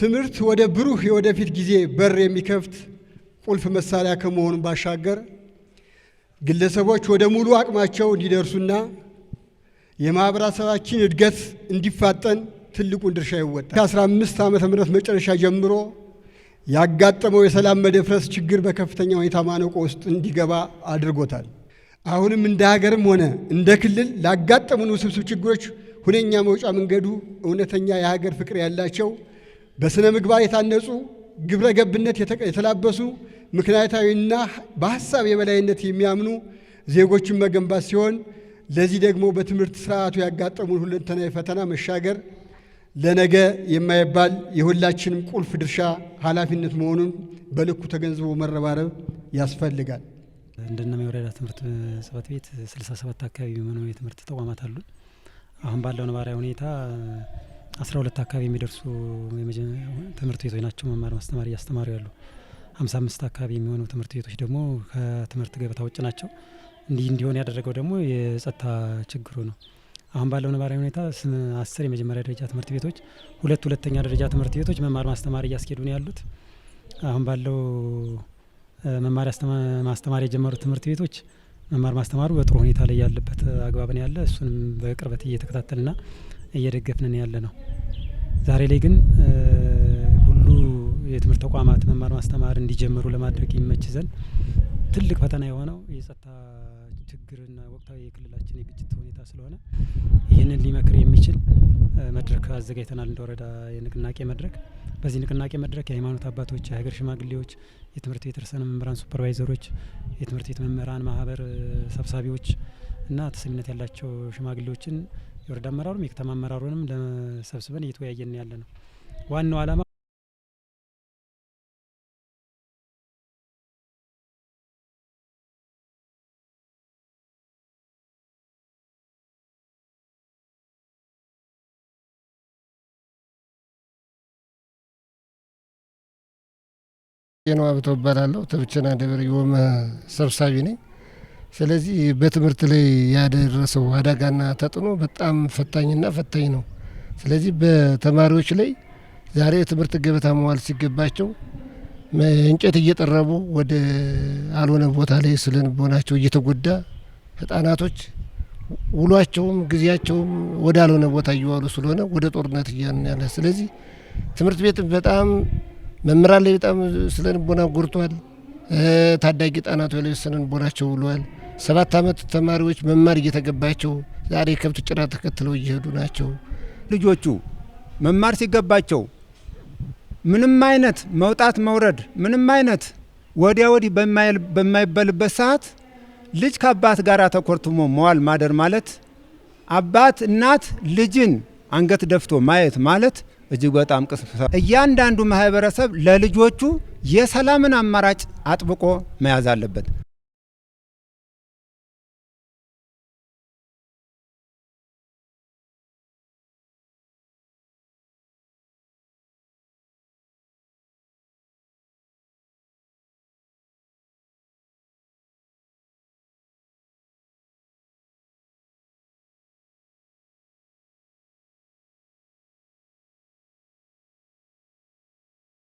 ትምህርት ወደ ብሩህ የወደፊት ጊዜ በር የሚከፍት ቁልፍ መሳሪያ ከመሆኑ ባሻገር ግለሰቦች ወደ ሙሉ አቅማቸው እንዲደርሱና የማህበረሰባችን እድገት እንዲፋጠን ትልቁን ድርሻ ይወጣል። ከ15 ዓመተ ምህረት መጨረሻ ጀምሮ ያጋጠመው የሰላም መደፍረስ ችግር በከፍተኛ ሁኔታ ማነቆ ውስጥ እንዲገባ አድርጎታል። አሁንም እንደ ሀገርም ሆነ እንደ ክልል ላጋጠሙን ውስብስብ ችግሮች ሁነኛ መውጫ መንገዱ እውነተኛ የሀገር ፍቅር ያላቸው በሥነ ምግባር የታነጹ ግብረ ገብነት የተላበሱ ምክንያታዊና በሀሳብ የበላይነት የሚያምኑ ዜጎችን መገንባት ሲሆን ለዚህ ደግሞ በትምህርት ስርዓቱ ያጋጠሙን ሁለንተና የፈተና መሻገር ለነገ የማይባል የሁላችንም ቁልፍ ድርሻ ኃላፊነት መሆኑን በልኩ ተገንዝቦ መረባረብ ያስፈልጋል። እንደነመ የወረዳ ትምህርት ጽሕፈት ቤት 67 አካባቢ የሚሆነው የትምህርት ተቋማት አሉን። አሁን ባለው ነባራዊ ሁኔታ አስራ ሁለት አካባቢ የሚደርሱ ትምህርት ቤቶች ናቸው መማር ማስተማር እያስተማሩ ያሉ። ሀምሳ አምስት አካባቢ የሚሆኑ ትምህርት ቤቶች ደግሞ ከትምህርት ገበታ ውጭ ናቸው። እንዲህ እንዲሆን ያደረገው ደግሞ የጸጥታ ችግሩ ነው። አሁን ባለው ነባራዊ ሁኔታ አስር የመጀመሪያ ደረጃ ትምህርት ቤቶች፣ ሁለት ሁለተኛ ደረጃ ትምህርት ቤቶች መማር ማስተማር እያስኬዱ ነው ያሉት። አሁን ባለው መማር ማስተማር የጀመሩት ትምህርት ቤቶች መማር ማስተማሩ በጥሩ ሁኔታ ላይ ያለበት አግባብ ነው ያለ እሱንም በቅርበት እየተከታተልና እየደገፍንን ያለ ነው። ዛሬ ላይ ግን ሁሉ የትምህርት ተቋማት መማር ማስተማር እንዲጀምሩ ለማድረግ ይመች ዘንድ ትልቅ ፈተና የሆነው የጸጥታ ችግርና ወቅታዊ የክልላችን የግጭት ሁኔታ ስለሆነ ይህንን ሊመክር የሚችል መድረክ አዘጋጅተናል። እንደ ወረዳ የንቅናቄ መድረክ። በዚህ ንቅናቄ መድረክ የሃይማኖት አባቶች፣ የሀገር ሽማግሌዎች፣ የትምህርት ቤት ርዕሰ መምህራን ሱፐርቫይዘሮች፣ የትምህርት ቤት መምህራን ማህበር ሰብሳቢዎች እና ተሰሚነት ያላቸው ሽማግሌዎችን የወረዳ አመራሩም የከተማ አመራሩንም ለሰብስበን እየተወያየን ያለ ነው ዋናው ዓላማ ጤና አብቶ እባላለሁ። ተብቸና ደብር ወመ ሰብሳቢ ነኝ። ስለዚህ በትምህርት ላይ ያደረሰው አደጋና ተጽዕኖ በጣም ፈታኝና ፈታኝ ነው። ስለዚህ በተማሪዎች ላይ ዛሬ የትምህርት ገበታ መዋል ሲገባቸው እንጨት እየጠረቡ ወደ አልሆነ ቦታ ላይ ስለንቦናቸው እየተጎዳ ህጻናቶች ውሏቸውም ጊዜያቸውም ወደ አልሆነ ቦታ እየዋሉ ስለሆነ ወደ ጦርነት እያን ያለ ስለዚህ ትምህርት ቤት በጣም መምህራን ላይ በጣም ስለ ንቦና ጉርቷል። ታዳጊ ህጻናት ላይ ስነ ንቦናቸው ውሏል። ሰባት አመት ተማሪዎች መማር እየተገባቸው ዛሬ የከብት ጭራ ተከትለው እየሄዱ ናቸው። ልጆቹ መማር ሲገባቸው ምንም አይነት መውጣት መውረድ፣ ምንም አይነት ወዲያ ወዲህ በማይበልበት ሰዓት ልጅ ከአባት ጋር ተኮርትሞ መዋል ማደር ማለት አባት እናት ልጅን አንገት ደፍቶ ማየት ማለት እጅግ በጣም ቅስም እያንዳንዱ ማህበረሰብ ለልጆቹ የሰላምን አማራጭ አጥብቆ መያዝ አለበት።